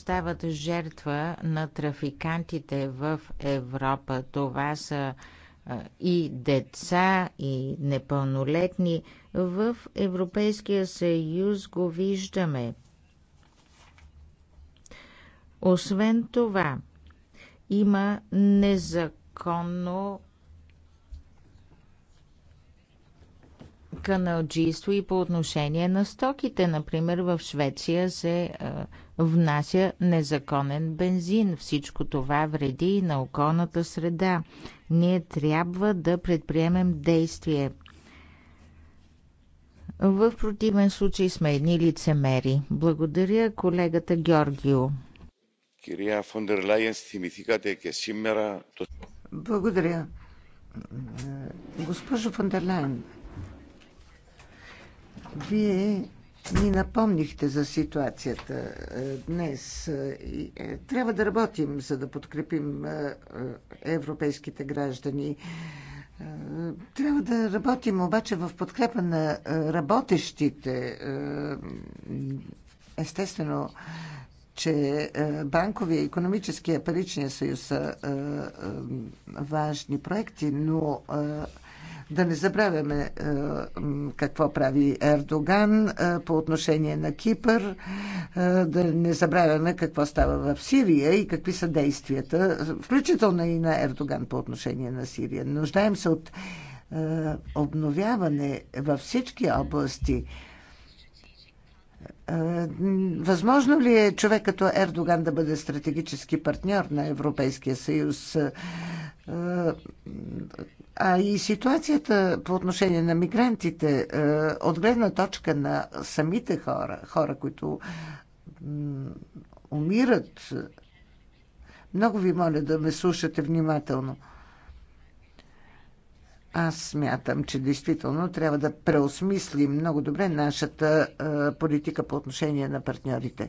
стават жертва на трафикантите в Европа. Това са и деца, и непълнолетни. В Европейския съюз го виждаме. Освен това, има незаконно каналджийство и по отношение на стоките. Например, в Швеция се е, внася незаконен бензин. Всичко това вреди и на околната среда. Ние трябва да предприемем действие. В противен случай сме едни лицемери. Благодаря колегата Георгио. Кирия Фондер Лайен, стимитикате ке Благодаря. Е, госпожо Фондерлайн, вие ни напомнихте за ситуацията е, днес. Е, е, трябва да работим, за да подкрепим европейските граждани. Трябва да работим обаче в подкрепа на работещите. Естествено, че банковия, економическия, паричния съюз са важни проекти, но да не забравяме е, какво прави Ердоган е, по отношение на Кипър, е, да не забравяме какво става в Сирия и какви са действията, включително и на Ердоган по отношение на Сирия. Нуждаем се от обновяване във всички области. Възможно ли е човек като Ердоган да бъде стратегически партньор на Европейския съюз? А и ситуацията по отношение на мигрантите, е, от гледна точка на самите хора, хора, които умират, много ви моля да ме слушате внимателно. Аз смятам, че действително трябва да преосмислим много добре нашата политика по отношение на партньорите.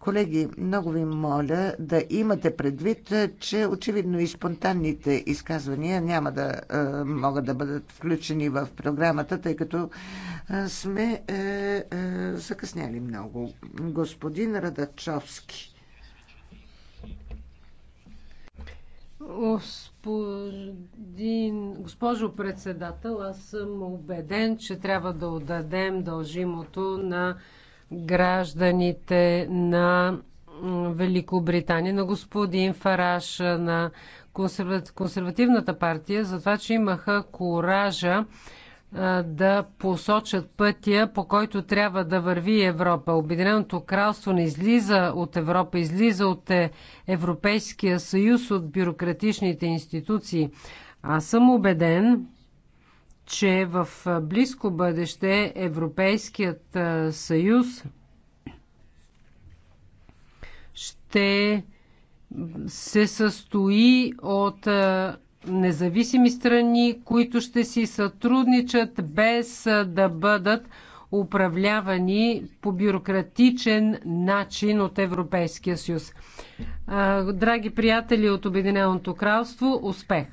Колеги, много ви моля да имате предвид, че очевидно и спонтанните изказвания няма да могат да бъдат включени в програмата, тъй като сме е, е, закъсняли много. Господин Радачовски. Господин, госпожо председател, аз съм убеден, че трябва да отдадем дължимото на гражданите на Великобритания, на господин Фараш, на консервативната партия, за това, че имаха коража да посочат пътя, по който трябва да върви Европа. Обединеното кралство не излиза от Европа, излиза от е, Европейския съюз, от бюрократичните институции. Аз съм убеден, че в близко бъдеще Европейският съюз ще се състои от независими страни, които ще си сътрудничат без да бъдат управлявани по бюрократичен начин от Европейския съюз. Драги приятели от Обединеното кралство, успех!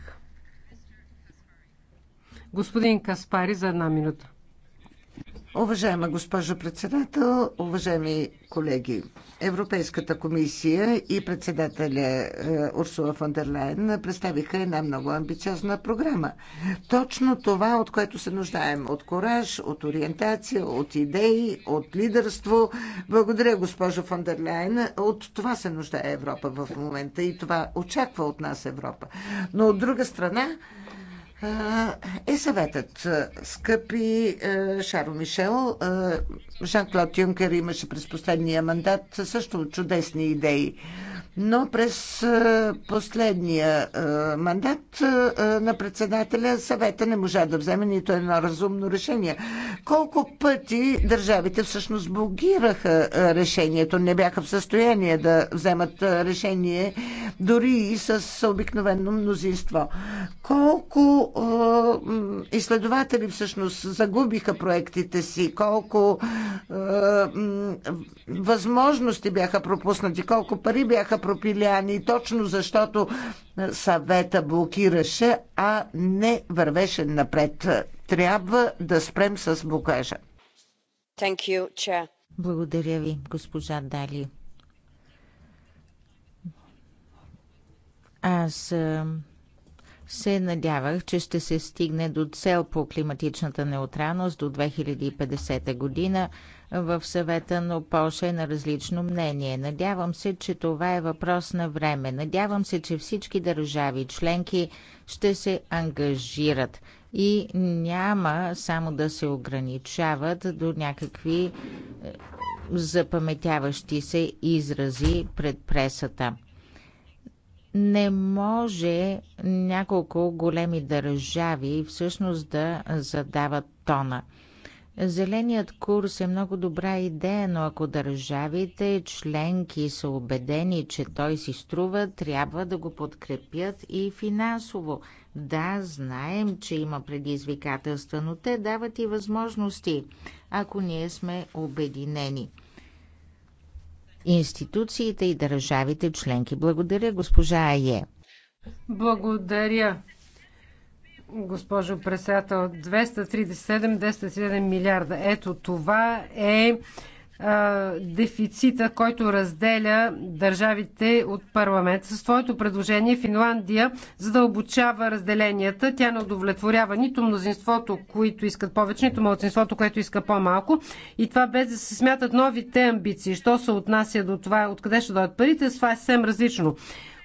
Господин Каспари за една минута. Уважаема госпожо председател, уважаеми колеги, Европейската комисия и председателя е, Урсула фон дер Лайен представиха една много амбициозна програма. Точно това, от което се нуждаем от кораж, от ориентация, от идеи, от лидерство. Благодаря, госпожо фон дер Лайен. От това се нуждае Европа в момента и това очаква от нас Европа. Но от друга страна, е съветът. Скъпи е, Шаро Мишел, е, Жан-Клод Юнкер имаше през последния мандат също чудесни идеи. Но през последния мандат на председателя съвета не можа да вземе нито едно разумно решение. Колко пъти държавите всъщност блокираха решението, не бяха в състояние да вземат решение дори и с обикновено мнозинство. Колко изследователи всъщност загубиха проектите си, колко възможности бяха пропуснати, колко пари бяха пропиляни, точно защото съвета блокираше, а не вървеше напред. Трябва да спрем с блокажа. You, Благодаря ви, госпожа Дали. Аз се надявах, че ще се стигне до цел по климатичната неутралност до 2050 година в съвета, но Польша е на различно мнение. Надявам се, че това е въпрос на време. Надявам се, че всички държави членки ще се ангажират и няма само да се ограничават до някакви е, запаметяващи се изрази пред пресата. Не може няколко големи държави всъщност да задават тона. Зеленият курс е много добра идея, но ако държавите членки са убедени, че той си струва, трябва да го подкрепят и финансово. Да, знаем, че има предизвикателства, но те дават и възможности, ако ние сме обединени. Институциите и държавите членки. Благодаря, госпожа Ае. Благодаря госпожо председател. 237-237 милиарда. Ето това е дефицита, който разделя държавите от парламент. Със своето предложение Финландия задълбочава разделенията. Тя не удовлетворява нито мнозинството, които искат повече, нито младсинството, което иска по-малко. И това без да се смятат новите амбиции. Що се отнася до това, откъде ще дойдат парите, това е съвсем различно.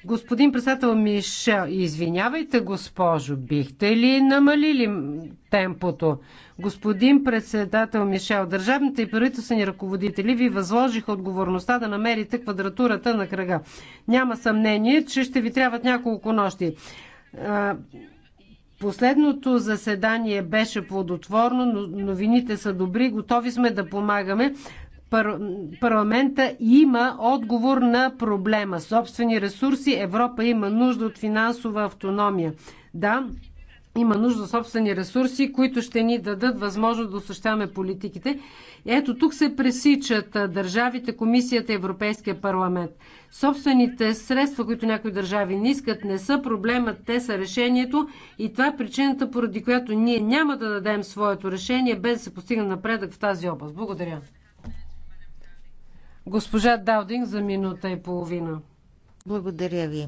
Господин председател Мишел, извинявайте, госпожо, бихте ли намалили темпото? Господин председател Мишел, държавните и правителствени ръководители ви възложиха отговорността да намерите квадратурата на кръга. Няма съмнение, че ще ви трябват няколко нощи. Последното заседание беше плодотворно, но новините са добри, готови сме да помагаме пар... парламента има отговор на проблема. Собствени ресурси, Европа има нужда от финансова автономия. Да, има нужда собствени ресурси, които ще ни дадат възможност да осъщаваме политиките. Ето тук се пресичат държавите, комисията, Европейския парламент. Собствените средства, които някои държави не искат, не са проблемът, те са решението и това е причината, поради която ние няма да дадем своето решение, без да се постигне напредък в тази област. Благодаря. Госпожа Даудинг за минута и половина. Благодаря ви.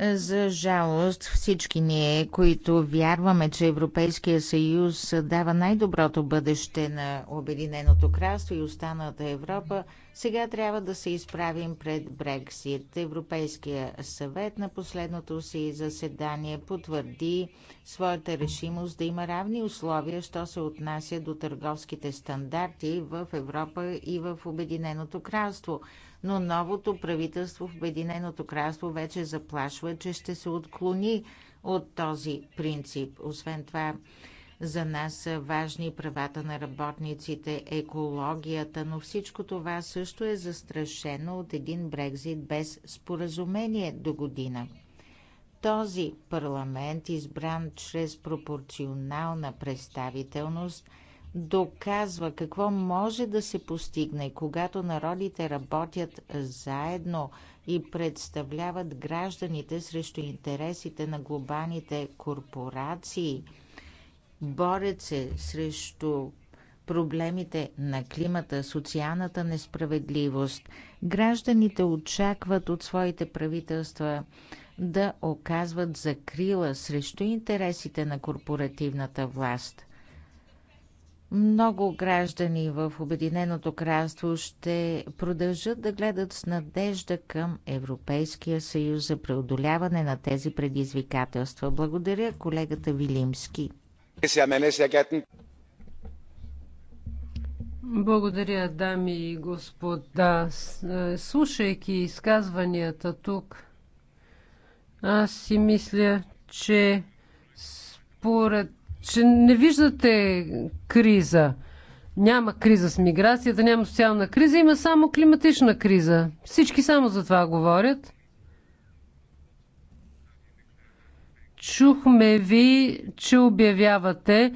За жалост, всички ние, които вярваме, че Европейския съюз дава най-доброто бъдеще на Обединеното кралство и останалата Европа, сега трябва да се изправим пред Брексит. Европейския съвет на последното си заседание потвърди своята решимост да има равни условия, що се отнася до търговските стандарти в Европа и в Обединеното кралство. Но новото правителство в Обединеното кралство вече заплашва, че ще се отклони от този принцип. Освен това, за нас са важни правата на работниците, екологията, но всичко това също е застрашено от един Брекзит без споразумение до година. Този парламент, избран чрез пропорционална представителност, доказва какво може да се постигне, когато народите работят заедно и представляват гражданите срещу интересите на глобалните корпорации – Борят се срещу проблемите на климата, социалната несправедливост. Гражданите очакват от своите правителства да оказват закрила срещу интересите на корпоративната власт. Много граждани в Обединеното кралство ще продължат да гледат с надежда към Европейския съюз за преодоляване на тези предизвикателства. Благодаря колегата Вилимски. Благодаря, дами и господа. Е, слушайки изказванията тук, аз си мисля, че според че не виждате криза. Няма криза с миграцията, няма социална криза, има само климатична криза. Всички само за това говорят. Чухме ви, че обявявате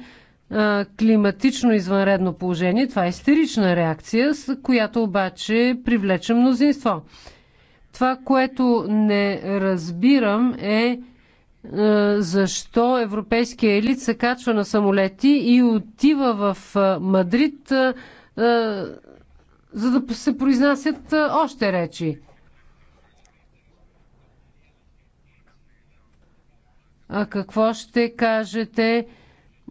а, климатично извънредно положение. Това е истерична реакция, с която обаче привлече мнозинство. Това, което не разбирам е защо европейския елит се качва на самолети и отива в Мадрид, за да се произнасят още речи. А Какво ще кажете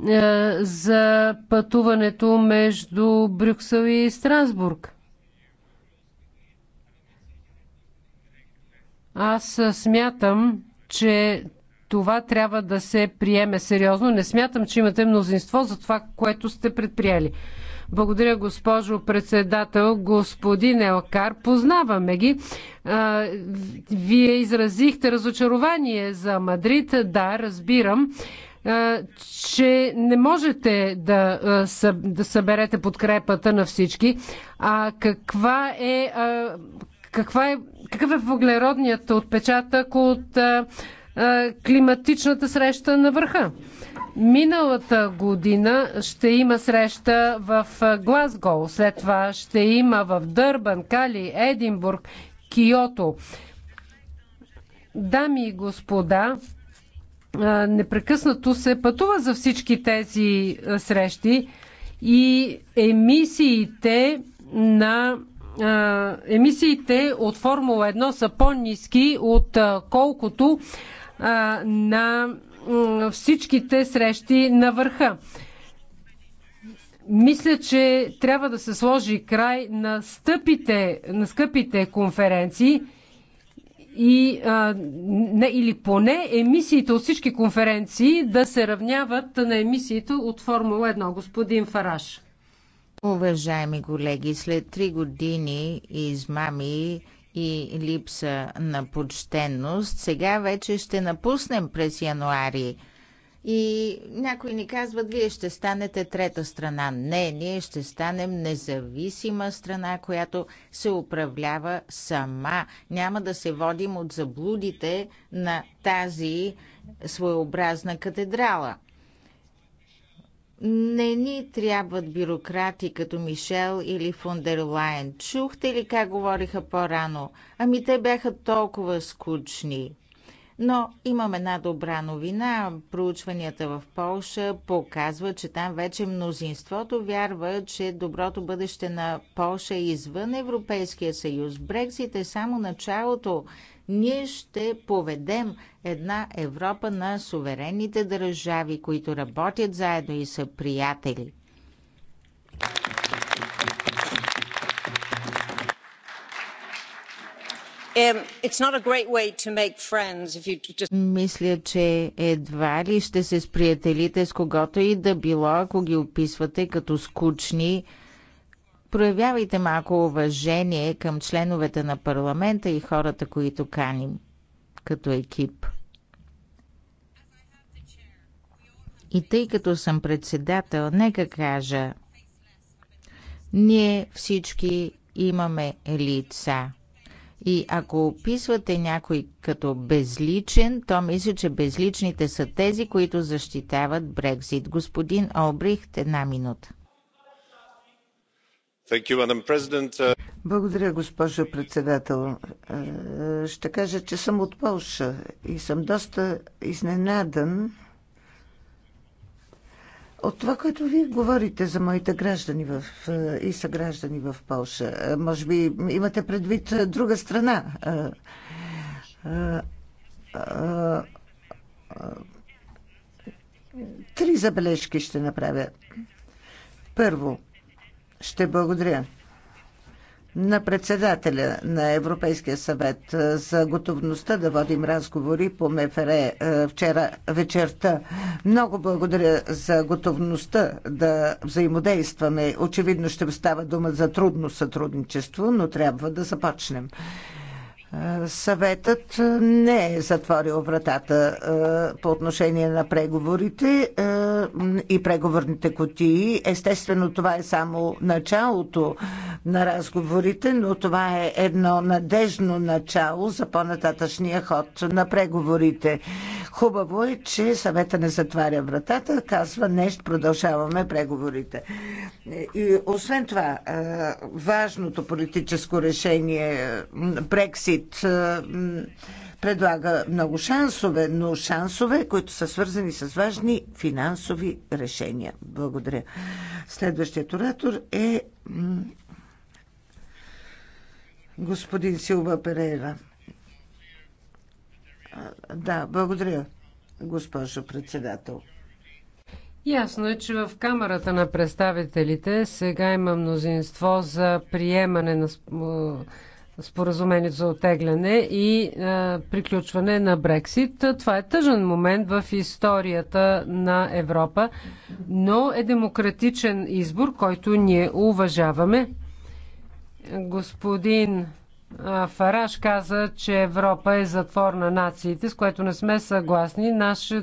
е, за пътуването между Брюксел и Страсбург? Аз смятам, че това трябва да се приеме сериозно. Не смятам, че имате мнозинство за това, което сте предприели. Благодаря, госпожо председател. Господин Елкар, познаваме ги. Вие изразихте разочарование за Мадрид. Да, разбирам че не можете да, да съберете подкрепата на всички. А каква е, каква е, какъв е въглеродният отпечатък от климатичната среща на върха? Миналата година ще има среща в Глазго, след това ще има в Дърбан, Кали, Единбург, Киото. Дами и господа, непрекъснато се пътува за всички тези срещи и емисиите на емисиите от Формула 1 са по-низки, колкото на всичките срещи на върха. Мисля, че трябва да се сложи край на, стъпите, на скъпите конференции и, а, не, или поне емисиите от всички конференции да се равняват на емисиите от Формула 1. Господин Фараш. Уважаеми колеги, след три години измами и липса на почтенност. Сега вече ще напуснем през януари. И някои ни казват, вие ще станете трета страна. Не, ние ще станем независима страна, която се управлява сама. Няма да се водим от заблудите на тази своеобразна катедрала. Не ни трябват бюрократи като Мишел или Фундерлайн. Чухте ли как говориха по-рано? Ами те бяха толкова скучни. Но имам една добра новина. Проучванията в Полша показват, че там вече мнозинството вярва, че доброто бъдеще на Полша е извън Европейския съюз. Брексит е само началото. Ние ще поведем една Европа на суверенните държави, които работят заедно и са приятели. Мисля, че едва ли ще се сприятелите с когото и да било, ако ги описвате като скучни Проявявайте малко уважение към членовете на парламента и хората, които каним като екип. И тъй като съм председател, нека кажа, ние всички имаме лица. И ако описвате някой като безличен, то мисля, че безличните са тези, които защитават Брекзит. Господин Обрихт, една минута. Uh, Благодаря, госпожо председател. Е, ще кажа, че съм от Полша и съм доста изненадан от това, което вие говорите за моите граждани в, е, и съграждани в Полша. Е, може би имате предвид друга страна. Три забележки ще направя. Първо, ще благодаря на председателя на Европейския съвет за готовността да водим разговори по МФР вчера вечерта. Много благодаря за готовността да взаимодействаме. Очевидно ще става дума за трудно сътрудничество, но трябва да започнем. Съветът не е затворил вратата е, по отношение на преговорите е, и преговорните котии. Естествено, това е само началото на разговорите, но това е едно надежно начало за по-нататъчния ход на преговорите. Хубаво е, че съвета не затваря вратата, казва нещо, продължаваме преговорите. И освен това, важното политическо решение Брексит предлага много шансове, но шансове, които са свързани с важни финансови решения. Благодаря. Следващият оратор е господин Силва Перейра. Да, благодаря, госпожо председател. Ясно е, че в Камерата на представителите сега има мнозинство за приемане на споразумението за отегляне и а, приключване на Брексит. Това е тъжен момент в историята на Европа, но е демократичен избор, който ние уважаваме. Господин Фараш каза, че Европа е затвор на нациите, с което не сме съгласни. Наше...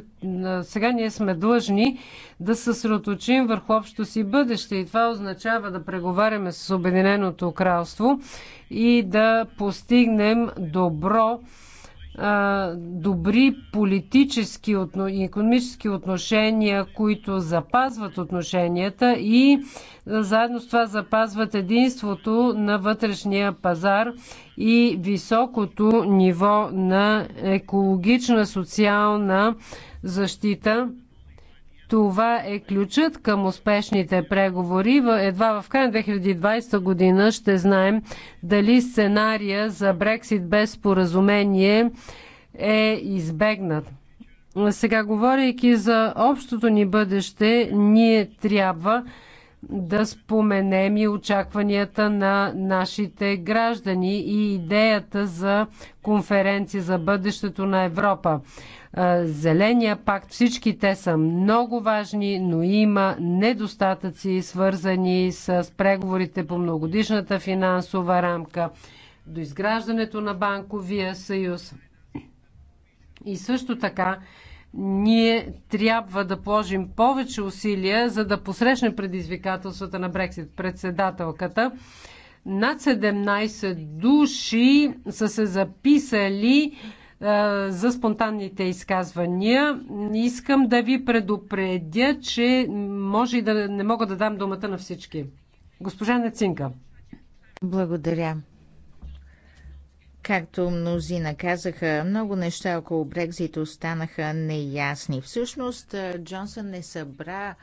Сега ние сме длъжни да се съсредоточим върху общото си бъдеще и това означава да преговаряме с Обединеното кралство и да постигнем добро добри политически и економически отношения, които запазват отношенията и заедно с това запазват единството на вътрешния пазар и високото ниво на екологична социална защита. Това е ключът към успешните преговори. Едва в края на 2020 година ще знаем дали сценария за Брексит без споразумение е избегнат. Сега, говорейки за общото ни бъдеще, ние трябва да споменем и очакванията на нашите граждани и идеята за конференция за бъдещето на Европа. Зеления пакт, всички те са много важни, но има недостатъци, свързани с преговорите по многодишната финансова рамка, до изграждането на банковия съюз. И също така ние трябва да положим повече усилия, за да посрещнем предизвикателствата на Брексит. Председателката над 17 души са се записали е, за спонтанните изказвания. Искам да ви предупредя, че може и да не мога да дам думата на всички. Госпожа Нецинка. Благодаря. Както мнозина казаха, много неща около Брекзит останаха неясни. Всъщност Джонсън не събра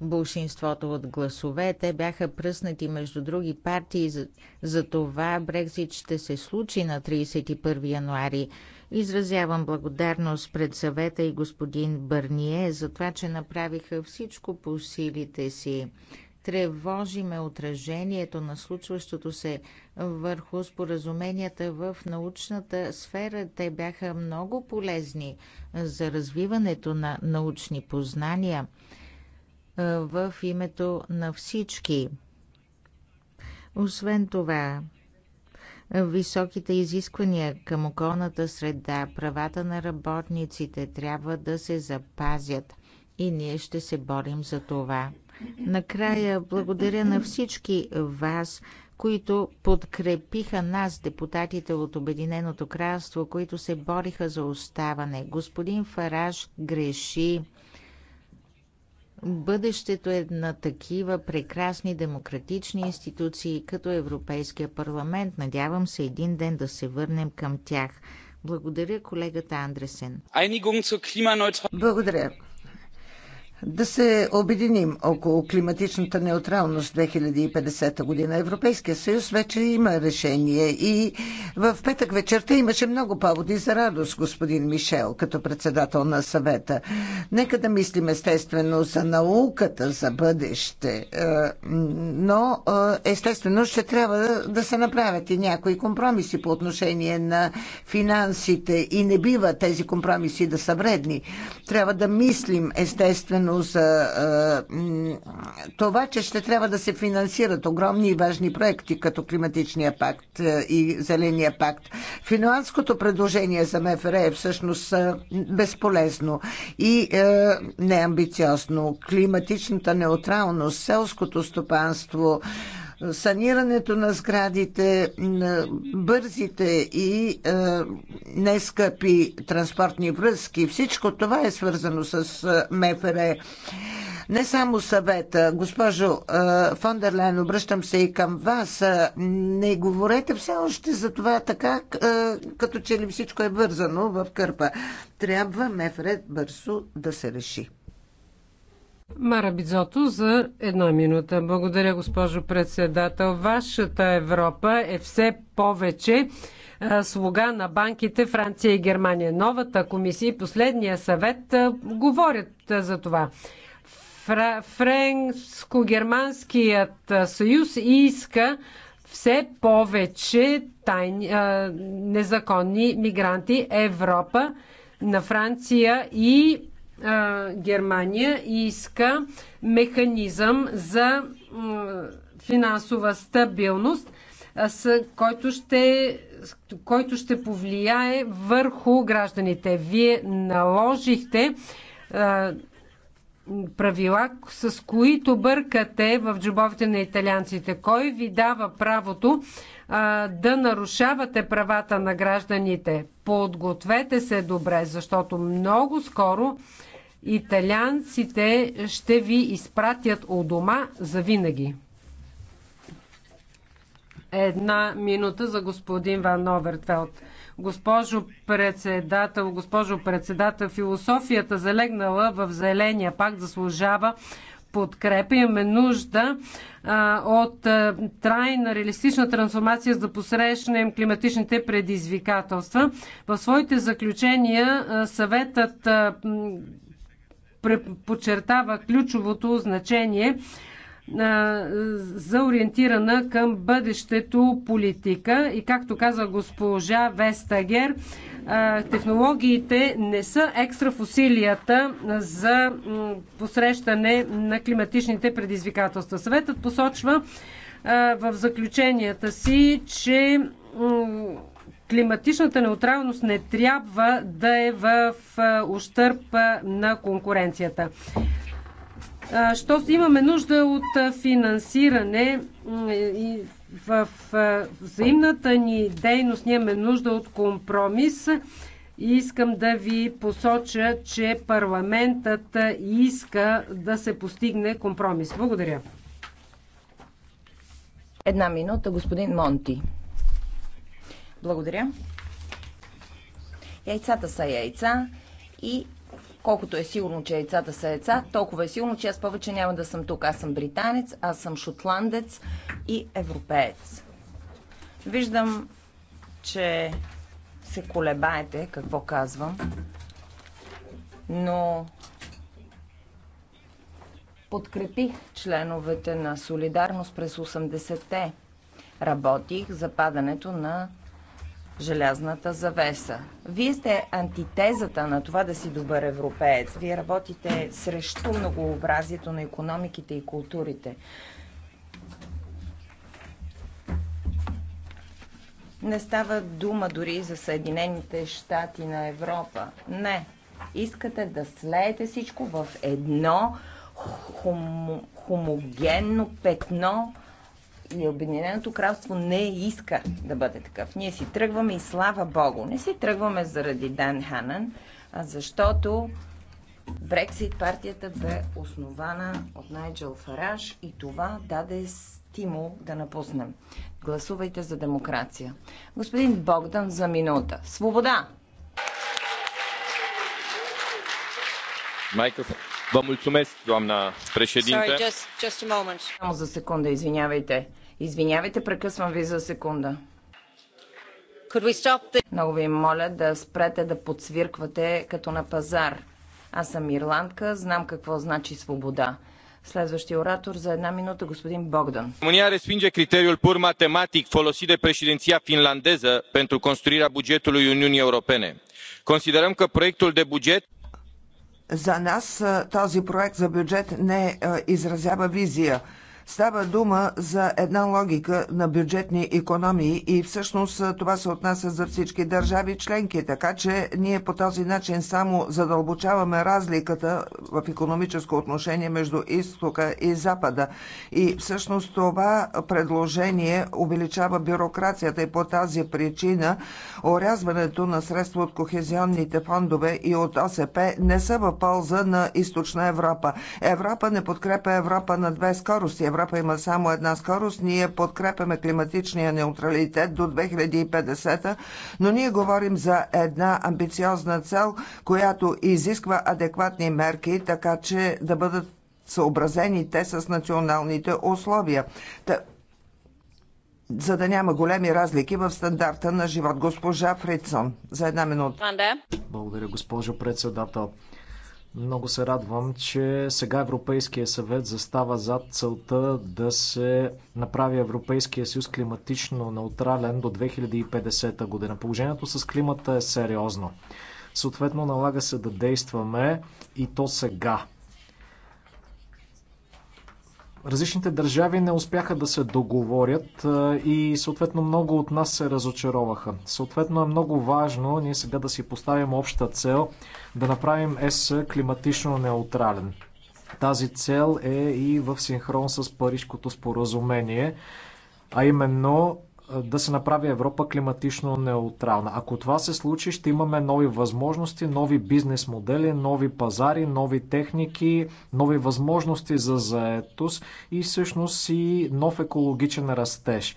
большинството от гласове. Те бяха пръснати между други партии. За, за това Брекзит ще се случи на 31 януари. Изразявам благодарност пред съвета и господин Бърние за това, че направиха всичко по силите си тревожиме отражението на случващото се върху споразуменията в научната сфера. Те бяха много полезни за развиването на научни познания в името на всички. Освен това, високите изисквания към околната среда, правата на работниците трябва да се запазят и ние ще се борим за това. Накрая благодаря на всички вас, които подкрепиха нас, депутатите от Обединеното кралство, които се бориха за оставане. Господин Фараж греши. Бъдещето е на такива прекрасни демократични институции, като Европейския парламент. Надявам се един ден да се върнем към тях. Благодаря колегата Андресен. Благодаря да се обединим около климатичната неутралност 2050 година. Европейския съюз вече има решение и в петък вечерта имаше много поводи за радост, господин Мишел, като председател на съвета. Нека да мислим естествено за науката, за бъдеще, е, но е, естествено ще трябва да се направят и някои компромиси по отношение на финансите и не бива тези компромиси да са вредни. Трябва да мислим естествено именно за това, че ще трябва да се финансират огромни и важни проекти, като Климатичния пакт и Зеления пакт. Финландското предложение за МФР е всъщност безполезно и неамбициозно. Климатичната неутралност, селското стопанство, санирането на сградите, на бързите и е, нескъпи транспортни връзки. Всичко това е свързано с е, МФР. Не само съвета. Госпожо е, Фондерлен, обръщам се и към вас. Не говорете все още за това така, като че ли всичко е вързано в кърпа. Трябва МФР бързо да се реши. Мара Бизото, за една минута. Благодаря, госпожо председател. Вашата Европа е все повече слуга на банките Франция и Германия. Новата комисия и последния съвет говорят за това. Френско-германският съюз иска все повече тайни, незаконни мигранти. Европа на Франция и Германия иска механизъм за финансова стабилност, който ще, който ще повлияе върху гражданите. Вие наложихте правила, с които бъркате в джобовете на италианците. Кой ви дава правото а, да нарушавате правата на гражданите? Подгответе се добре, защото много скоро италианците ще ви изпратят у дома за винаги. Една минута за господин Ван Овертфелд. Госпожо председател, госпожо председател, философията залегнала в Зеления пакт заслужава подкрепа. Имаме нужда а, от а, трайна реалистична трансформация, за да посрещнем климатичните предизвикателства. В своите заключения а, съветът а, подчертава ключовото значение за ориентирана към бъдещето политика. И както каза госпожа Вестагер, технологиите не са екстра в усилията за посрещане на климатичните предизвикателства. Съветът посочва в заключенията си, че климатичната неутралност не трябва да е в ущърп на конкуренцията. Що имаме нужда от финансиране и в взаимната ни дейност ние имаме нужда от компромис. И искам да ви посоча, че парламентът иска да се постигне компромис. Благодаря. Една минута, господин Монти. Благодаря. Яйцата са яйца и Колкото е сигурно, че яйцата са яйца, толкова е сигурно, че аз повече няма да съм тук. Аз съм британец, аз съм шотландец и европеец. Виждам, че се колебаете какво казвам, но подкрепих членовете на Солидарност през 80-те. Работих за падането на желязната завеса. Вие сте антитезата на това да си добър европеец. Вие работите срещу многообразието на економиките и културите. Не става дума дори за Съединените щати на Европа. Не. Искате да слеете всичко в едно хом... хомогенно петно и Обединеното кралство не иска да бъде такъв. Ние си тръгваме и слава Богу. Не си тръгваме заради Дан Ханан, а защото Брексит партията бе основана от Найджел Фараж и това даде стимул да напуснем. Гласувайте за демокрация. Господин Богдан за минута. Свобода! Майкъл. Vă mulțumesc, doamna președinte. Sorry, just, just a moment. Само за секунда, извинявайте. Извинявайте, прекъсвам ви за секунда. Could we stop the... Много ви моля да спрете да подсвирквате като на пазар. Аз съм ирландка, знам какво значи свобода. Следващия оратор за една минута, господин Богдан. România respinge criteriul pur matematic folosit de președinția finlandeză pentru construirea bugetului Uniunii Europene. Considerăm că proiectul de buget за нас този проект за бюджет не изразява визия. Става дума за една логика на бюджетни економии и всъщност това се отнася за всички държави членки, така че ние по този начин само задълбочаваме разликата в економическо отношение между изтока и запада. И всъщност това предложение увеличава бюрокрацията и по тази причина орязването на средства от кохезионните фондове и от ОСП не са в полза на източна Европа. Европа не подкрепя Европа на две скорости. Европа има само една скорост. Ние подкрепяме климатичния неутралитет до 2050, но ние говорим за една амбициозна цел, която изисква адекватни мерки, така че да бъдат съобразени те с националните условия за да няма големи разлики в стандарта на живот. Госпожа Фридсон, за една минута. Благодаря, госпожо председател. Много се радвам, че сега Европейския съвет застава зад целта да се направи Европейския съюз климатично неутрален до 2050 година. Положението с климата е сериозно. Съответно, налага се да действаме и то сега. Различните държави не успяха да се договорят и съответно много от нас се разочароваха. Съответно е много важно ние сега да си поставим обща цел да направим ЕС климатично неутрален. Тази цел е и в синхрон с Парижското споразумение, а именно да се направи Европа климатично неутрална. Ако това се случи, ще имаме нови възможности, нови бизнес модели, нови пазари, нови техники, нови възможности за заетост и всъщност и нов екологичен растеж.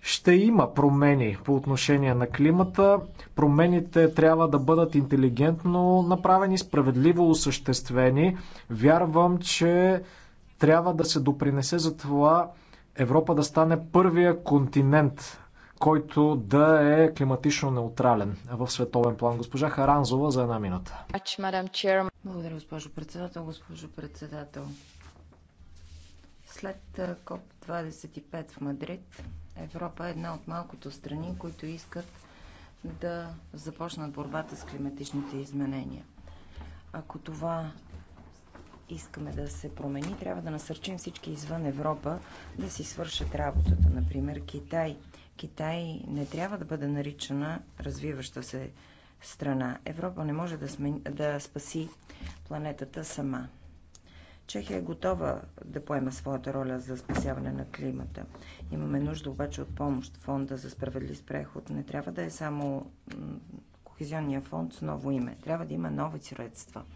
Ще има промени по отношение на климата. Промените трябва да бъдат интелигентно направени, справедливо осъществени. Вярвам, че трябва да се допринесе за това Европа да стане първия континент, който да е климатично неутрален в световен план. Госпожа Харанзова за една минута. Благодаря, госпожо председател. Госпожо председател, след КОП-25 в Мадрид, Европа е една от малкото страни, които искат да започнат борбата с климатичните изменения. Ако това искаме да се промени, трябва да насърчим всички извън Европа да си свършат работата. Например, Китай. Китай не трябва да бъде наричана развиваща се страна. Европа не може да, смени, да спаси планетата сама. Чехия е готова да поема своята роля за спасяване на климата. Имаме нужда обаче от помощ. Фонда за справедлив преход не трябва да е само Кохезионния фонд с ново име. Трябва да има нови средства –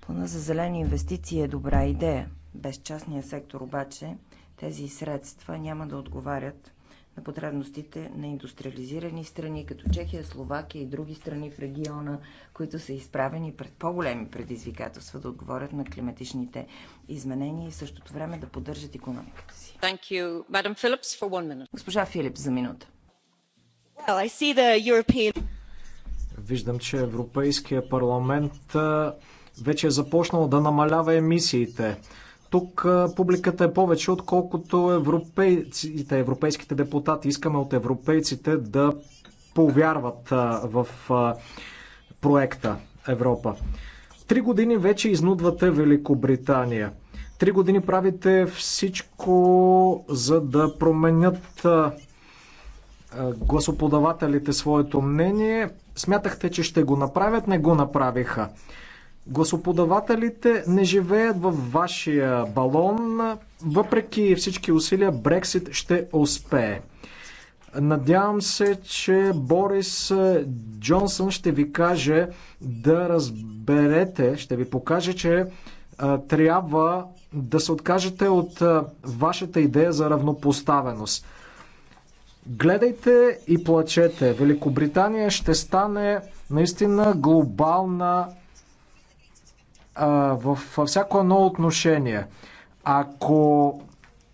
Плана за зелени инвестиции е добра идея. Без частния сектор обаче тези средства няма да отговарят на потребностите на индустриализирани страни, като Чехия, Словакия и други страни в региона, които са изправени пред по-големи предизвикателства да отговорят на климатичните изменения и в същото време да поддържат економиката си. Phillips, Госпожа Филипс за минута. Well, European... Виждам, че Европейския парламент вече е започнал да намалява емисиите. Тук публиката е повече, отколкото европейците, европейските депутати. Искаме от европейците да повярват в проекта Европа. Три години вече изнудвате Великобритания. Три години правите всичко, за да променят гласоподавателите своето мнение. Смятахте, че ще го направят, не го направиха. Гласоподавателите не живеят във вашия балон. Въпреки всички усилия, Брексит ще успее. Надявам се, че Борис Джонсън ще ви каже да разберете, ще ви покаже, че а, трябва да се откажете от а, вашата идея за равнопоставеност. Гледайте и плачете. Великобритания ще стане наистина глобална във всяко едно отношение. Ако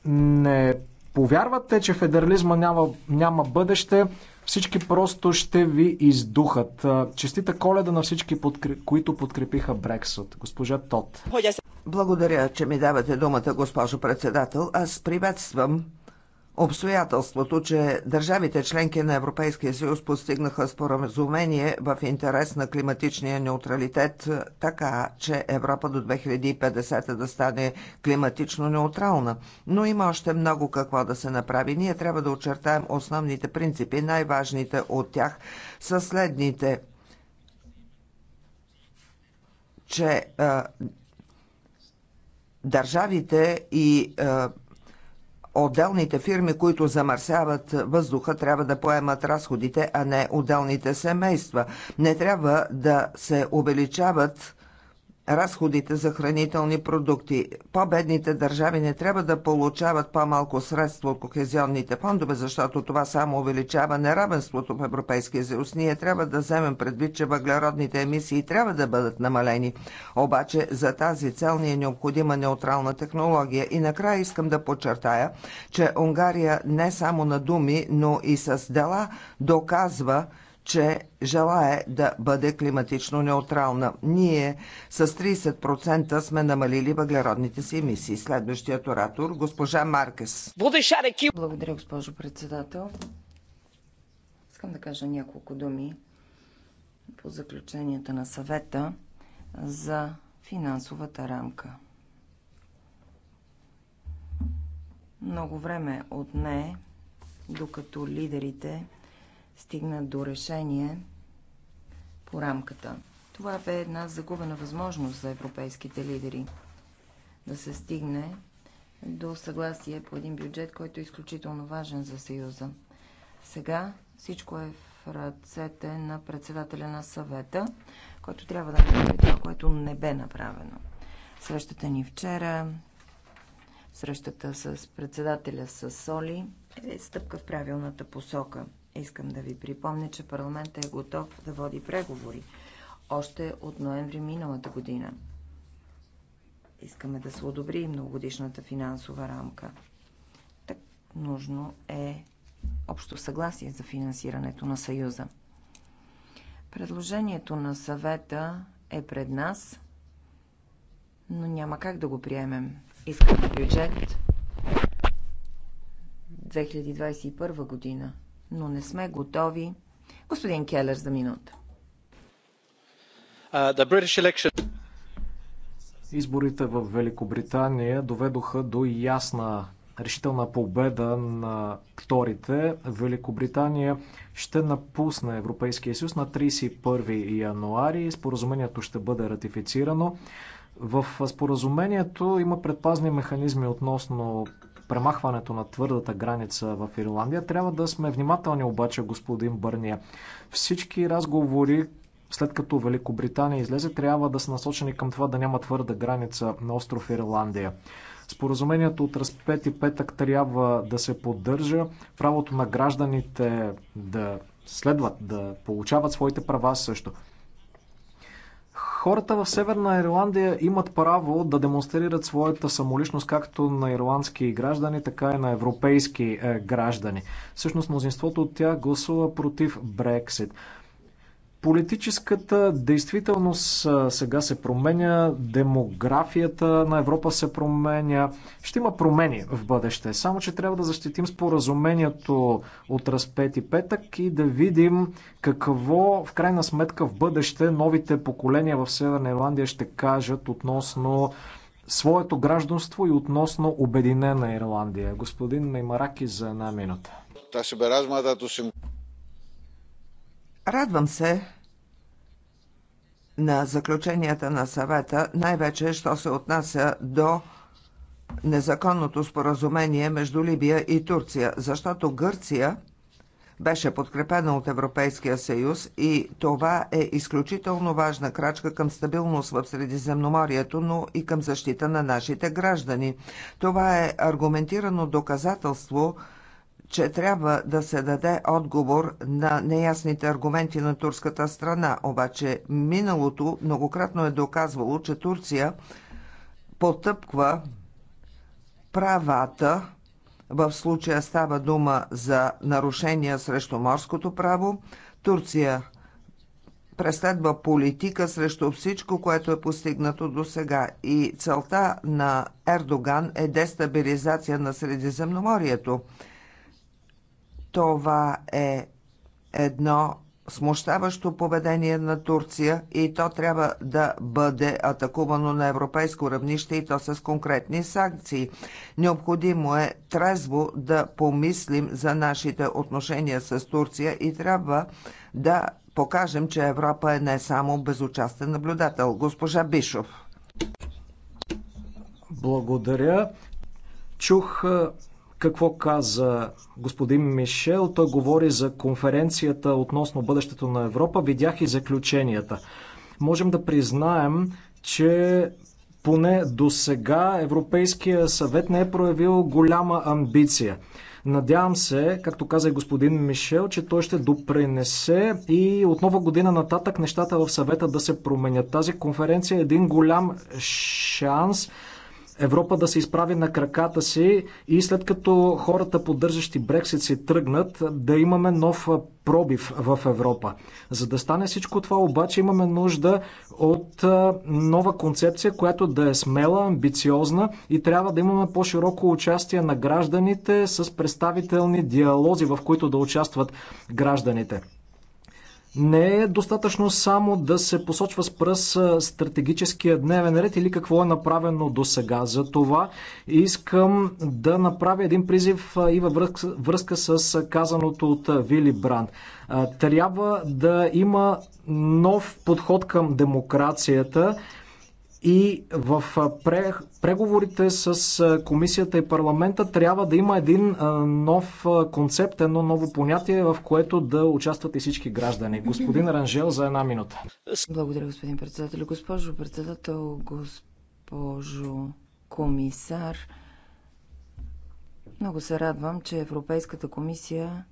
не повярвате, че федерализма няма, няма бъдеще, всички просто ще ви издухат. Честита коледа на всички, които подкрепиха Брексът. Госпожа Тот. Благодаря, че ми давате думата, госпожо председател. Аз приветствам Обстоятелството, че държавите членки на Европейския съюз постигнаха споразумение в интерес на климатичния неутралитет, така че Европа до 2050 да стане климатично неутрална. Но има още много какво да се направи. Ние трябва да очертаем основните принципи. Най-важните от тях са следните че а, държавите и а, отделните фирми, които замърсяват въздуха, трябва да поемат разходите, а не отделните семейства. Не трябва да се увеличават разходите за хранителни продукти. По-бедните държави не трябва да получават по-малко средства от кохезионните фондове, защото това само увеличава неравенството в Европейския съюз. Ние трябва да вземем предвид, че въглеродните емисии трябва да бъдат намалени. Обаче за тази цел ни е необходима неутрална технология. И накрая искам да подчертая, че Унгария не само на думи, но и с дела доказва, че желае да бъде климатично неутрална. Ние с 30% сме намалили въглеродните си емисии. Следващият оратор, госпожа Маркес. Благодаря, госпожо председател. Искам да кажа няколко думи по заключенията на съвета за финансовата рамка. Много време отне, докато лидерите стигнат до решение по рамката. Това бе една загубена възможност за европейските лидери да се стигне до съгласие по един бюджет, който е изключително важен за Съюза. Сега всичко е в ръцете на председателя на съвета, който трябва да направи това, което не бе направено. Срещата ни вчера, срещата с председателя с Соли е стъпка в правилната посока – Искам да ви припомня, че парламентът е готов да води преговори още от ноември миналата година. Искаме да се одобри многогодишната финансова рамка. Так нужно е общо съгласие за финансирането на Съюза. Предложението на съвета е пред нас, но няма как да го приемем. Искаме бюджет 2021 година – но не сме готови. Господин Келер за минута. Uh, Изборите в Великобритания доведоха до ясна решителна победа на вторите. Великобритания ще напусне Европейския съюз на 31 януари. Споразумението ще бъде ратифицирано. В споразумението има предпазни механизми относно премахването на твърдата граница в Ирландия. Трябва да сме внимателни обаче, господин Бърния. Всички разговори, след като Великобритания излезе, трябва да са насочени към това да няма твърда граница на остров Ирландия. Споразумението от разпет и петък трябва да се поддържа. Правото на гражданите да следват, да получават своите права също. Хората в Северна Ирландия имат право да демонстрират своята самоличност както на ирландски граждани, така и на европейски е, граждани. Всъщност мнозинството от тях гласува против Брексит. Политическата действителност сега се променя, демографията на Европа се променя. Ще има промени в бъдеще. Само, че трябва да защитим споразумението от разпет и петък и да видим какво в крайна сметка в бъдеще новите поколения в Северна Ирландия ще кажат относно своето гражданство и относно Обединена Ирландия. Господин Меймараки за една минута. Радвам се, на заключенията на съвета, най-вече, що се отнася до незаконното споразумение между Либия и Турция, защото Гърция беше подкрепена от Европейския съюз и това е изключително важна крачка към стабилност в Средиземноморието, но и към защита на нашите граждани. Това е аргументирано доказателство че трябва да се даде отговор на неясните аргументи на турската страна. Обаче миналото многократно е доказвало, че Турция потъпква правата, в случая става дума за нарушения срещу морското право. Турция преследва политика срещу всичко, което е постигнато до сега. И целта на Ердоган е дестабилизация на Средиземноморието. Това е едно смущаващо поведение на Турция и то трябва да бъде атакувано на европейско равнище и то с конкретни санкции. Необходимо е трезво да помислим за нашите отношения с Турция и трябва да покажем, че Европа е не само безучастен наблюдател. Госпожа Бишов. Благодаря. Чух какво каза господин Мишел. Той говори за конференцията относно бъдещето на Европа. Видях и заключенията. Можем да признаем, че поне до сега Европейския съвет не е проявил голяма амбиция. Надявам се, както каза и господин Мишел, че той ще допренесе и от нова година нататък нещата в съвета да се променят. Тази конференция е един голям шанс Европа да се изправи на краката си и след като хората, поддържащи Брексит, си тръгнат, да имаме нов пробив в Европа. За да стане всичко това, обаче имаме нужда от нова концепция, която да е смела, амбициозна и трябва да имаме по-широко участие на гражданите с представителни диалози, в които да участват гражданите. Не е достатъчно само да се посочва с пръст стратегическия дневен ред или какво е направено до сега. За това искам да направя един призив и във връзка с казаното от Вили Бранд. Трябва да има нов подход към демокрацията и в преговорите с комисията и парламента трябва да има един нов концепт, едно ново понятие, в което да участват и всички граждани. Господин Ранжел, за една минута. Благодаря, господин председател. Госпожо председател, госпожо комисар, много се радвам, че Европейската комисия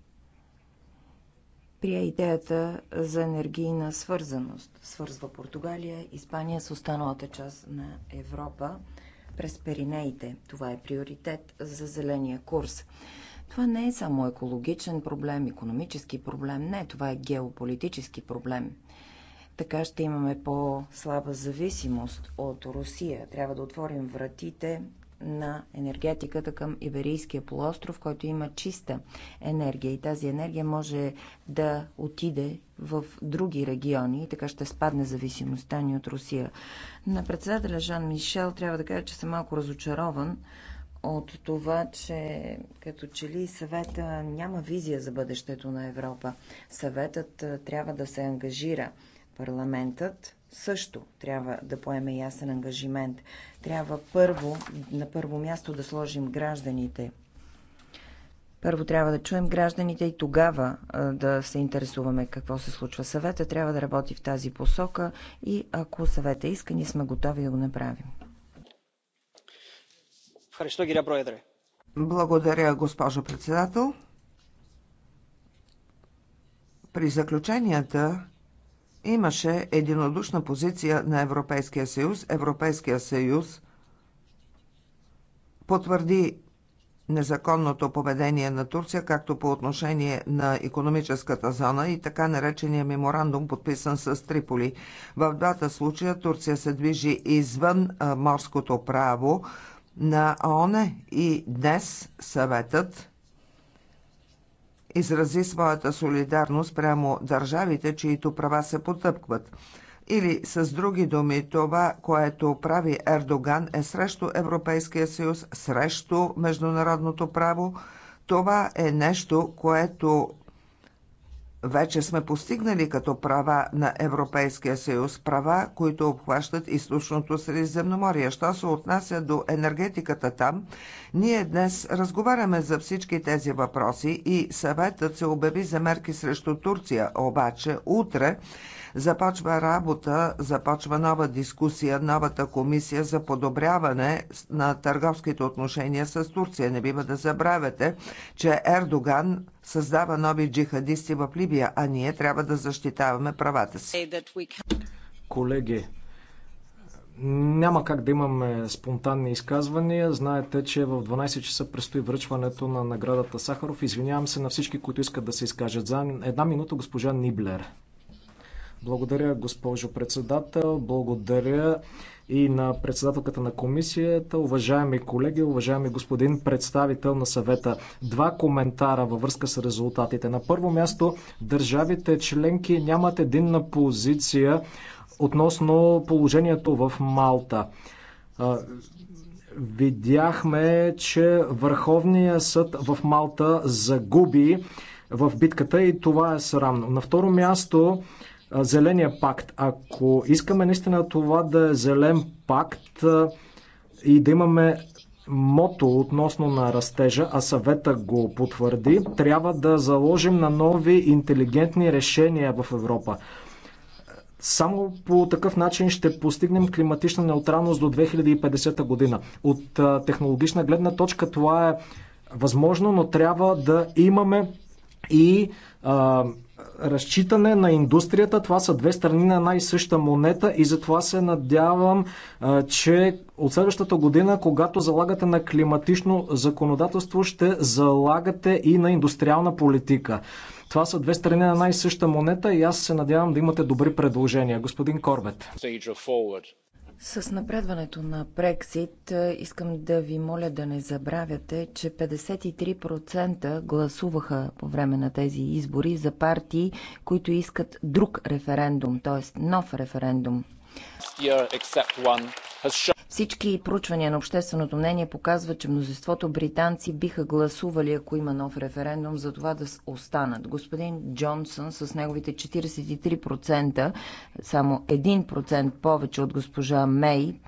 прие идеята за енергийна свързаност. Свързва Португалия, Испания с останалата част на Европа през Перинеите. Това е приоритет за зеления курс. Това не е само екологичен проблем, економически проблем, не, това е геополитически проблем. Така ще имаме по-слаба зависимост от Русия. Трябва да отворим вратите на енергетиката към Иберийския полуостров, който има чиста енергия и тази енергия може да отиде в други региони и така ще спадне зависимостта ни от Русия. На председателя Жан Мишел трябва да кажа, че съм малко разочарован от това, че като че ли съвета няма визия за бъдещето на Европа. Съветът трябва да се ангажира. Парламентът също трябва да поеме ясен ангажимент. Трябва първо, на първо място да сложим гражданите. Първо трябва да чуем гражданите и тогава да се интересуваме какво се случва. Съвета трябва да работи в тази посока и ако съвета иска, ние сме готови да го направим. Благодаря, госпожо председател. При заключенията имаше единодушна позиция на Европейския съюз. Европейския съюз потвърди незаконното поведение на Турция, както по отношение на економическата зона и така наречения меморандум, подписан с Триполи. В двата случая Турция се движи извън морското право на ООН и днес съветът изрази своята солидарност прямо държавите, чието права се потъпкват. Или с други думи, това, което прави Ердоган е срещу Европейския съюз, срещу международното право. Това е нещо, което вече сме постигнали като права на Европейския съюз, права, които обхващат източното Средиземноморие. Що се отнася до енергетиката там, ние днес разговаряме за всички тези въпроси и съветът се обяви за мерки срещу Турция, обаче утре Започва работа, започва нова дискусия, новата комисия за подобряване на търговските отношения с Турция. Не бива да забравяте, че Ердоган създава нови джихадисти в Либия, а ние трябва да защитаваме правата си. Колеги, няма как да имаме спонтанни изказвания. Знаете, че в 12 часа предстои връчването на наградата Сахаров. Извинявам се на всички, които искат да се изкажат. За една минута госпожа Ниблер. Благодаря, госпожо председател. Благодаря и на председателката на комисията, уважаеми колеги, уважаеми господин представител на съвета. Два коментара във връзка с резултатите. На първо място, държавите членки нямат единна позиция относно положението в Малта. Видяхме, че Върховният съд в Малта загуби в битката и това е срамно. На второ място, Зеления пакт. Ако искаме наистина това да е зелен пакт и да имаме мото относно на растежа, а съвета го потвърди, трябва да заложим на нови интелигентни решения в Европа. Само по такъв начин ще постигнем климатична неутралност до 2050 година. От технологична гледна точка това е възможно, но трябва да имаме и а, разчитане на индустрията. Това са две страни на една и съща монета и затова се надявам, че от следващата година, когато залагате на климатично законодателство, ще залагате и на индустриална политика. Това са две страни на една и съща монета и аз се надявам да имате добри предложения. Господин Корбет. С напредването на Брексит е, искам да ви моля да не забравяте, че 53% гласуваха по време на тези избори за партии, които искат друг референдум, т.е. нов референдум. Всички проучвания на общественото мнение показват, че мнозинството британци биха гласували, ако има нов референдум, за това да останат. Господин Джонсън с неговите 43%, само 1% повече от госпожа Мей,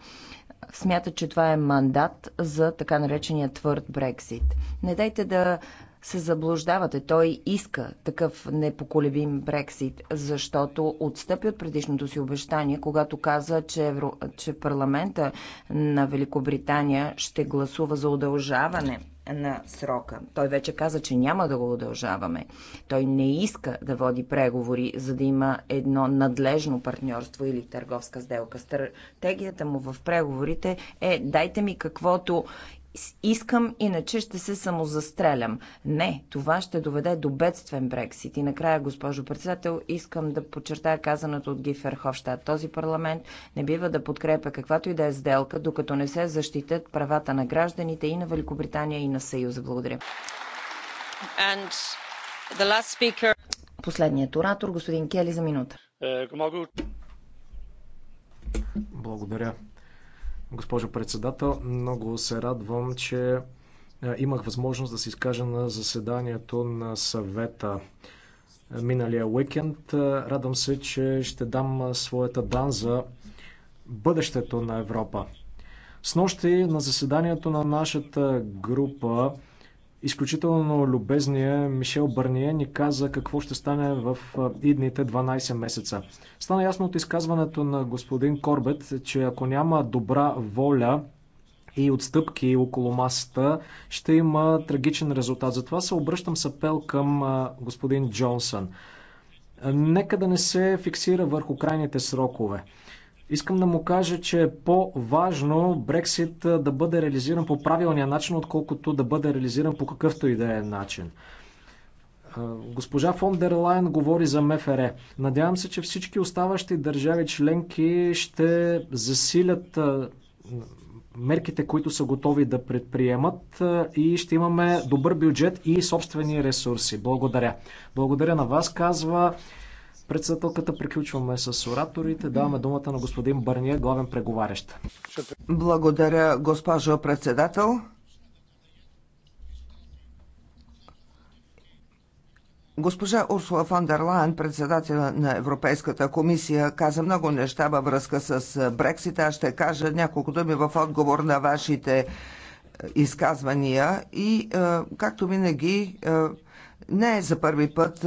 смята, че това е мандат за така наречения твърд Брексит. Не дайте да се заблуждавате. Той иска такъв непоколебим Брексит, защото отстъпи от предишното си обещание, когато каза, че, Евро... че парламента на Великобритания ще гласува за удължаване на срока. Той вече каза, че няма да го удължаваме. Той не иска да води преговори, за да има едно надлежно партньорство или търговска сделка. Стратегията му в преговорите е дайте ми каквото искам, иначе ще се самозастрелям. Не, това ще доведе до бедствен Брексит. И накрая, госпожо председател, искам да подчертая казаното от Гифер Хофштад. Този парламент не бива да подкрепя каквато и да е сделка, докато не се защитят правата на гражданите и на Великобритания и на Съюза. Благодаря. And the last speaker... Последният оратор, господин Кели, за минута. Е, Благодаря госпожо председател. Много се радвам, че е, имах възможност да се изкажа на заседанието на съвета е, миналия уикенд. Е, радвам се, че ще дам своята дан за бъдещето на Европа. С нощи на заседанието на нашата група Изключително любезния Мишел Бърние ни каза какво ще стане в идните 12 месеца. Стана ясно от изказването на господин Корбет, че ако няма добра воля и отстъпки около масата, ще има трагичен резултат. Затова се обръщам с апел към господин Джонсън. Нека да не се фиксира върху крайните срокове. Искам да му кажа, че е по-важно Брексит да бъде реализиран по правилния начин, отколкото да бъде реализиран по какъвто и да е начин. Госпожа фон дер говори за МФР. Надявам се, че всички оставащи държави членки ще засилят мерките, които са готови да предприемат и ще имаме добър бюджет и собствени ресурси. Благодаря. Благодаря на вас, казва Председателката приключваме с ораторите. Даваме думата на господин Бърния, главен преговарящ. Благодаря, госпожо председател. Госпожа Урсула фон дер Лайн, председателя на Европейската комисия, каза много неща във връзка с Брексита. Аз ще кажа няколко думи в отговор на вашите изказвания и, както винаги, не е за първи път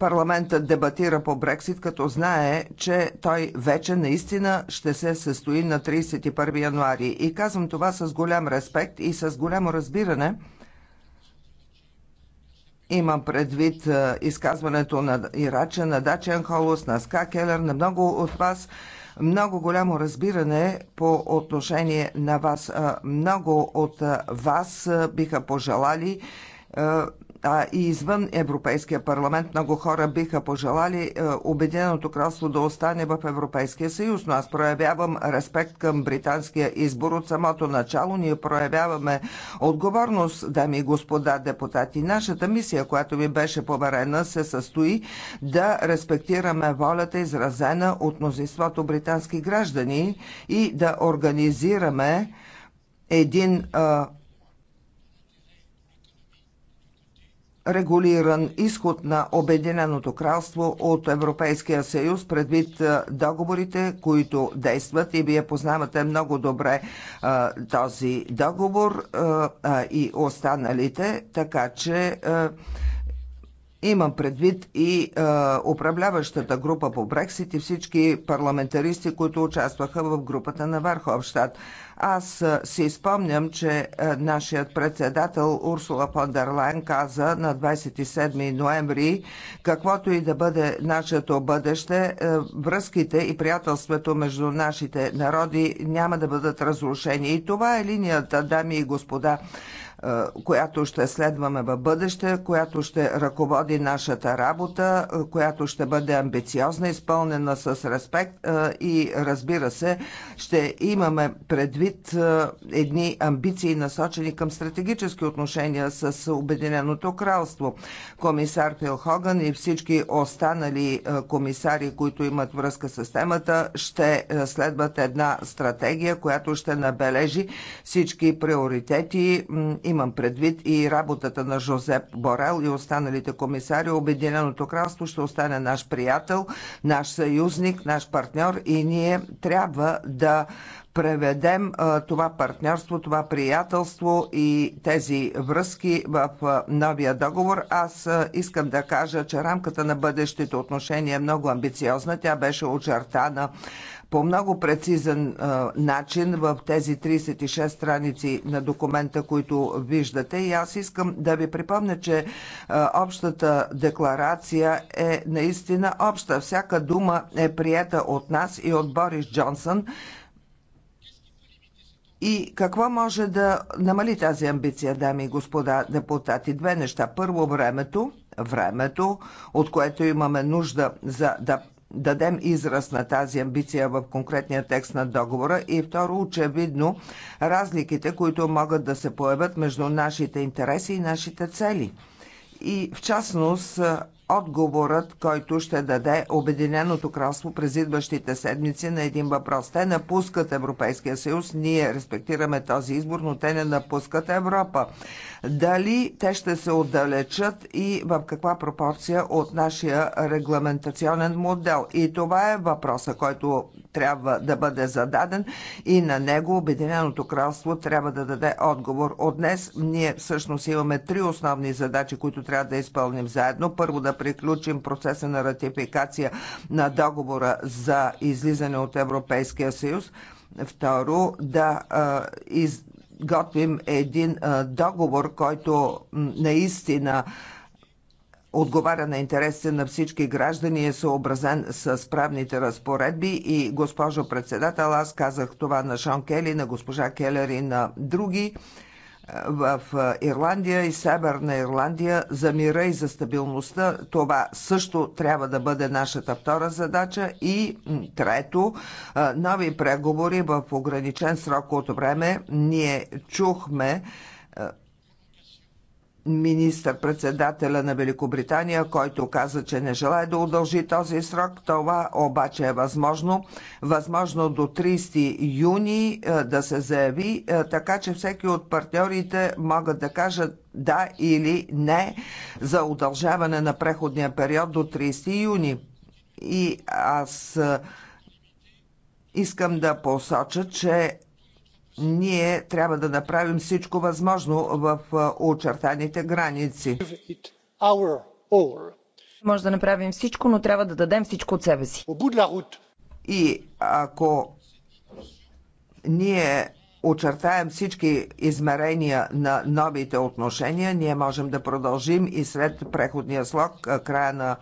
парламентът дебатира по Брексит, като знае, че той вече наистина ще се състои на 31 януари. И казвам това с голям респект и с голямо разбиране. Имам предвид изказването на Ирача, на Дачен Холос, на Ска Келер, на много от вас. Много голямо разбиране по отношение на вас. Много от вас биха пожелали а и извън Европейския парламент много хора биха пожелали е, Обединеното кралство да остане в Европейския съюз, но аз проявявам респект към британския избор от самото начало. Ние проявяваме отговорност, дами и господа депутати. Нашата мисия, която ви беше поверена, се състои да респектираме волята, изразена от мнозинството британски граждани и да организираме един а, е, регулиран изход на Обединеното кралство от Европейския съюз предвид договорите, които действат и вие познавате много добре а, този договор а, а, и останалите, така че а, Имам предвид и е, управляващата група по Брексит и всички парламентаристи, които участваха в групата на Върховщад. Аз си спомням, че е, нашият председател Урсула фон дер Лайн каза на 27 ноември, каквото и да бъде нашето бъдеще, е, връзките и приятелството между нашите народи няма да бъдат разрушени. И това е линията, дами и господа която ще следваме в бъдеще, която ще ръководи нашата работа, която ще бъде амбициозна, изпълнена с респект и разбира се, ще имаме предвид едни амбиции насочени към стратегически отношения с Обединеното кралство. Комисар Фил Хоган и всички останали комисари, които имат връзка с темата, ще следват една стратегия, която ще набележи всички приоритети и Имам предвид и работата на Жозеп Борел и останалите комисари. Обединеното кралство ще остане наш приятел, наш съюзник, наш партньор и ние трябва да преведем това партньорство, това приятелство и тези връзки в новия договор. Аз искам да кажа, че рамката на бъдещите отношения е много амбициозна. Тя беше очертана по много прецизен а, начин в тези 36 страници на документа, които виждате. И аз искам да ви припомня, че а, общата декларация е наистина обща. Всяка дума е приета от нас и от Борис Джонсън. И какво може да намали тази амбиция, дами и господа депутати? Две неща. Първо, времето, времето, от което имаме нужда за да дадем израз на тази амбиция в конкретния текст на договора и второ, очевидно, разликите, които могат да се появят между нашите интереси и нашите цели. И в частност, отговорът, който ще даде Обединеното кралство през идващите седмици на един въпрос. Те напускат Европейския съюз, ние респектираме този избор, но те не напускат Европа дали те ще се отдалечат и в каква пропорция от нашия регламентационен модел. И това е въпроса, който трябва да бъде зададен и на него Обединеното кралство трябва да даде отговор. От днес ние всъщност имаме три основни задачи, които трябва да изпълним заедно. Първо да приключим процеса на ратификация на договора за излизане от Европейския съюз. Второ, да а, из, Готвим един договор, който наистина отговаря на интересите на всички граждани и е съобразен с правните разпоредби. И госпожо председател, аз казах това на Шон Кели, на госпожа Келер и на други в Ирландия и Северна Ирландия за мира и за стабилността. Това също трябва да бъде нашата втора задача. И трето, нови преговори в ограничен срок от време. Ние чухме министър-председателя на Великобритания, който каза, че не желая да удължи този срок. Това обаче е възможно. Възможно до 30 юни е, да се заяви, е, така че всеки от партньорите могат да кажат да или не за удължаване на преходния период до 30 юни. И аз е, искам да посоча, че ние трябва да направим всичко възможно в очертаните граници. Може да направим всичко, но трябва да дадем всичко от себе си. И ако ние очертаем всички измерения на новите отношения, ние можем да продължим и след преходния слог, края на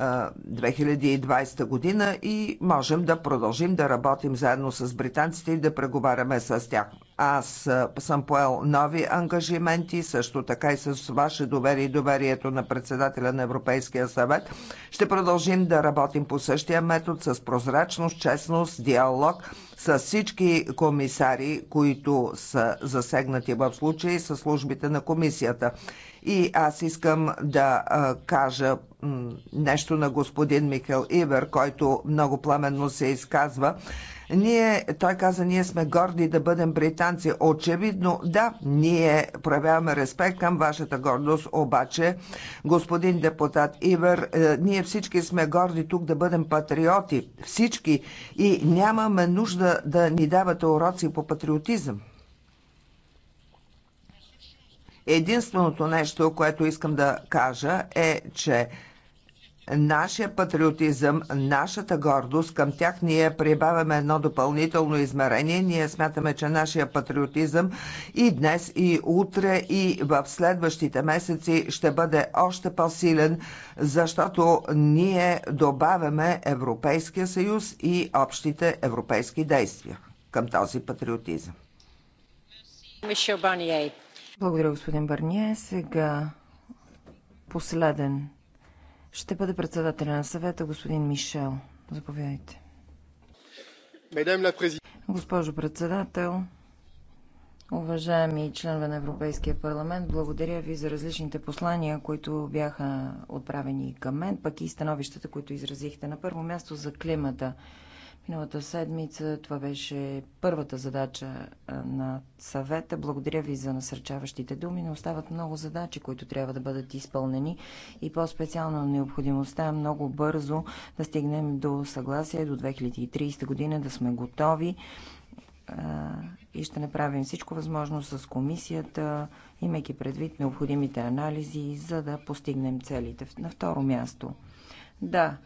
2020 година и можем да продължим да работим заедно с британците и да преговаряме с тях. Аз съм поел нови ангажименти, също така и с ваше доверие и доверието на председателя на Европейския съвет. Ще продължим да работим по същия метод с прозрачност, честност, диалог с всички комисари, които са засегнати в случай с службите на комисията. И аз искам да а, кажа нещо на господин Михел Ивер, който много пламенно се изказва ние, той каза, ние сме горди да бъдем британци. Очевидно, да, ние проявяваме респект към вашата гордост, обаче, господин депутат Ивер, е, ние всички сме горди тук да бъдем патриоти. Всички. И нямаме нужда да ни давате уроци по патриотизъм. Единственото нещо, което искам да кажа е, че нашия патриотизъм, нашата гордост, към тях ние прибавяме едно допълнително измерение. Ние смятаме, че нашия патриотизъм и днес, и утре, и в следващите месеци ще бъде още по-силен, защото ние добавяме Европейския съюз и общите европейски действия към този патриотизъм. Благодаря, господин Барние. Сега последен ще бъде председателя на съвета господин Мишел. Заповядайте. Госпожо председател, уважаеми членове на Европейския парламент, благодаря ви за различните послания, които бяха отправени към мен, пък и становищата, които изразихте. На първо място за климата. Миналата седмица това беше първата задача на съвета. Благодаря ви за насърчаващите думи, но остават много задачи, които трябва да бъдат изпълнени и по-специално необходимостта е много бързо да стигнем до съгласие до 2030 година, да сме готови и ще направим всичко възможно с комисията, имайки предвид необходимите анализи, за да постигнем целите. На второ място. Да,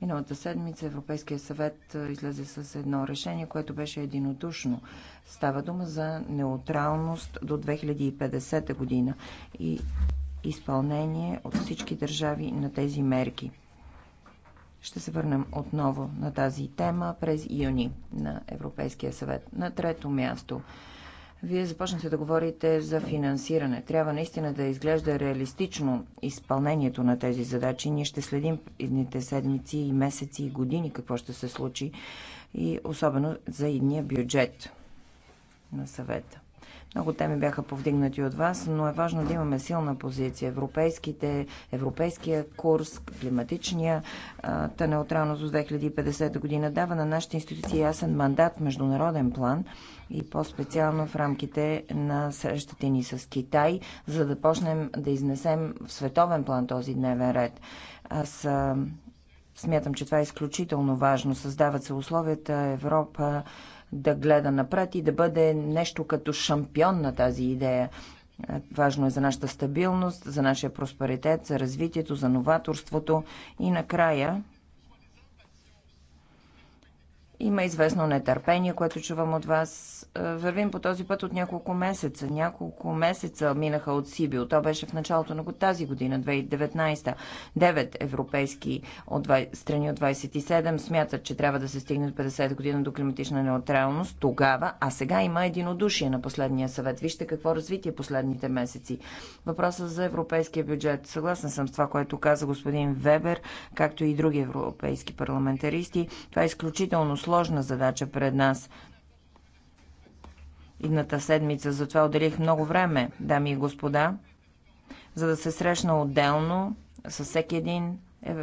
Миналата седмица Европейския съвет излезе с едно решение, което беше единодушно. Става дума за неутралност до 2050 година и изпълнение от всички държави на тези мерки. Ще се върнем отново на тази тема през юни на Европейския съвет. На трето място вие започнахте да говорите за финансиране. Трябва наистина да изглежда реалистично изпълнението на тези задачи. Ние ще следим едните седмици и месеци и години какво ще се случи и особено за едния бюджет на съвета. Много теми бяха повдигнати от вас, но е важно да имаме силна позиция. Европейските, европейския курс, климатичния, та неутралност до 2050 година дава на нашите институции ясен мандат международен план – и по-специално в рамките на срещите ни с Китай, за да почнем да изнесем в световен план този дневен ред. Аз смятам, че това е изключително важно. Създават се условията Европа да гледа напред и да бъде нещо като шампион на тази идея. Важно е за нашата стабилност, за нашия просперитет, за развитието, за новаторството и накрая има известно нетърпение, което чувам от вас е, вървим по този път от няколко месеца. Няколко месеца минаха от Сибил. То беше в началото на тази година, 2019. Девет европейски от 20, страни от 27 смятат, че трябва да се стигне до 50 година до климатична неутралност тогава, а сега има единодушие на последния съвет. Вижте какво развитие последните месеци. Въпросът за европейския бюджет. Съгласна съм с това, което каза господин Вебер, както и други европейски парламентаристи. Това е изключително сложна задача пред нас идната седмица. Затова отделих много време, дами и господа, за да се срещна отделно с всеки един е,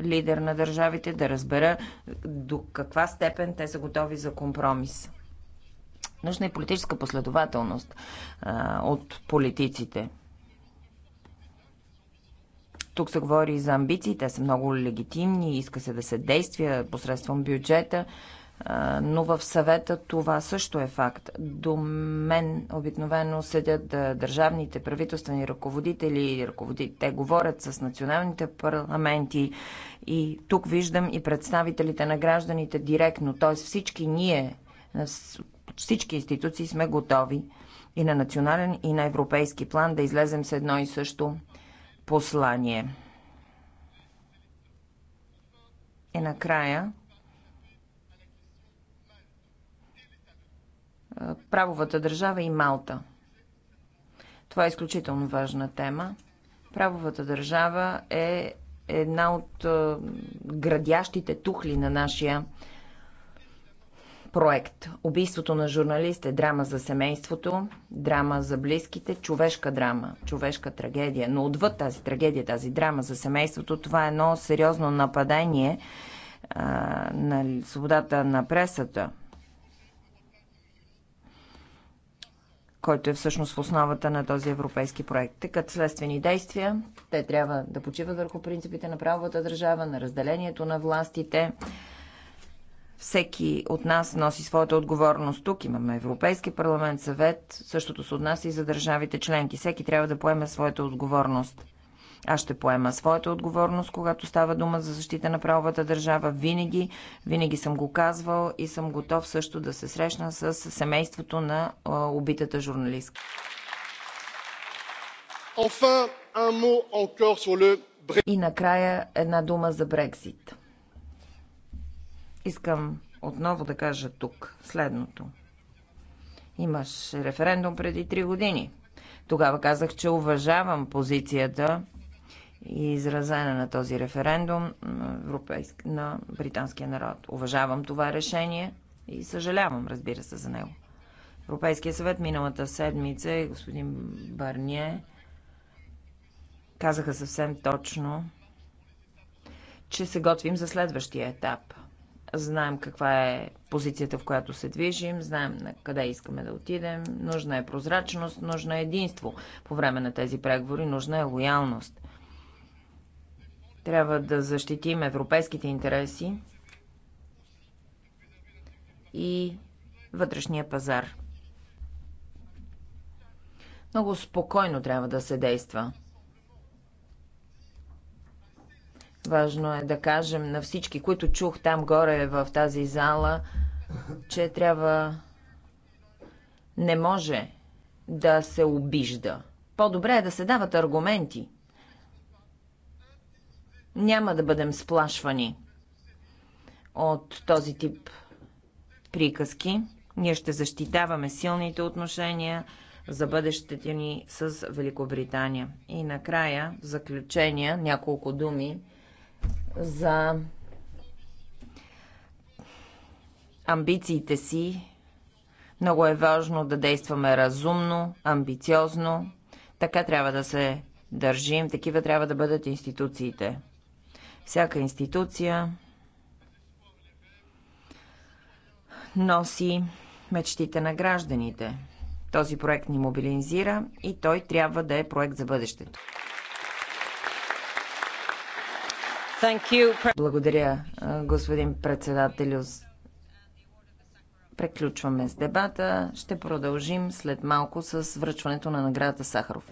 лидер на държавите, да разбера до каква степен те са готови за компромис. Нужна е политическа последователност а, от политиците. Тук се говори и за амбиции, те са много легитимни, иска се да се действия посредством бюджета, но в съвета това също е факт. До мен обикновено седят държавните правителствени ръководители и ръководители. Те говорят с националните парламенти и тук виждам и представителите на гражданите директно. Т.е. всички ние, всички институции сме готови и на национален и на европейски план да излезем с едно и също послание. И накрая правовата държава и Малта. Това е изключително важна тема. Правовата държава е една от градящите тухли на нашия проект. Убийството на журналист е драма за семейството, драма за близките, човешка драма, човешка трагедия. Но отвъд тази трагедия, тази драма за семейството, това е едно сериозно нападение а, на свободата на пресата – който е всъщност в основата на този европейски проект. Тъкат следствени действия, те трябва да почиват върху принципите на правовата държава, на разделението на властите. Всеки от нас носи своята отговорност. Тук имаме Европейски парламент, съвет, същото се отнася и за държавите членки. Всеки трябва да поеме своята отговорност. Аз ще поема своята отговорност, когато става дума за защита на правовата държава. Винаги, винаги съм го казвал и съм готов също да се срещна с семейството на убитата журналистка. И накрая една дума за Брекзит. Искам отново да кажа тук следното. Имаш референдум преди три години. Тогава казах, че уважавам позицията и изразена на този референдум на, европейск... на британския народ. Уважавам това решение и съжалявам, разбира се, за него. Европейския съвет миналата седмица и господин Барние казаха съвсем точно, че се готвим за следващия етап. Знаем каква е позицията, в която се движим, знаем на къде искаме да отидем, нужна е прозрачност, нужна е единство по време на тези преговори, нужна е лоялност. Трябва да защитим европейските интереси и вътрешния пазар. Много спокойно трябва да се действа. Важно е да кажем на всички, които чух там горе в тази зала, че трябва не може да се обижда. По-добре е да се дават аргументи няма да бъдем сплашвани от този тип приказки. Ние ще защитаваме силните отношения за бъдещето ни с Великобритания. И накрая, в заключение, няколко думи за амбициите си. Много е важно да действаме разумно, амбициозно. Така трябва да се държим, такива трябва да бъдат институциите. Всяка институция носи мечтите на гражданите. Този проект ни мобилизира и той трябва да е проект за бъдещето. Благодаря, господин председателю. Преключваме с дебата. Ще продължим след малко с връчването на наградата Сахаров.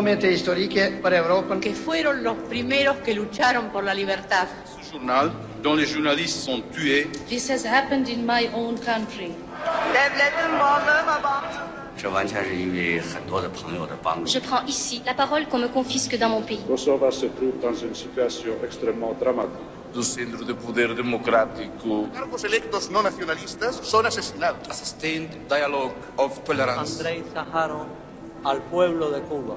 momento histórico para Europa. Que fueron los primeros que lucharon por la libertad. Este journal, donde los journalistes son tués. This has happened in my own country. Je prends ici la parole qu'on me confisque dans mon pays. Kosovo se trouve dans une situation extrêmement dramatique. do Centro de Poder Democrático. Cargos electos no nacionalistas son asesinados. A sustained dialogue of tolerance. Andrei Saharo al pueblo de Cuba.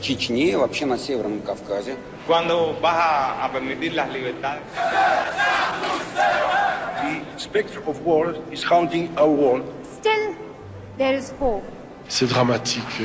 Чечне, вообще на Северном Кавказе. The of war is our world. Still, there is hope. C'est dramatique.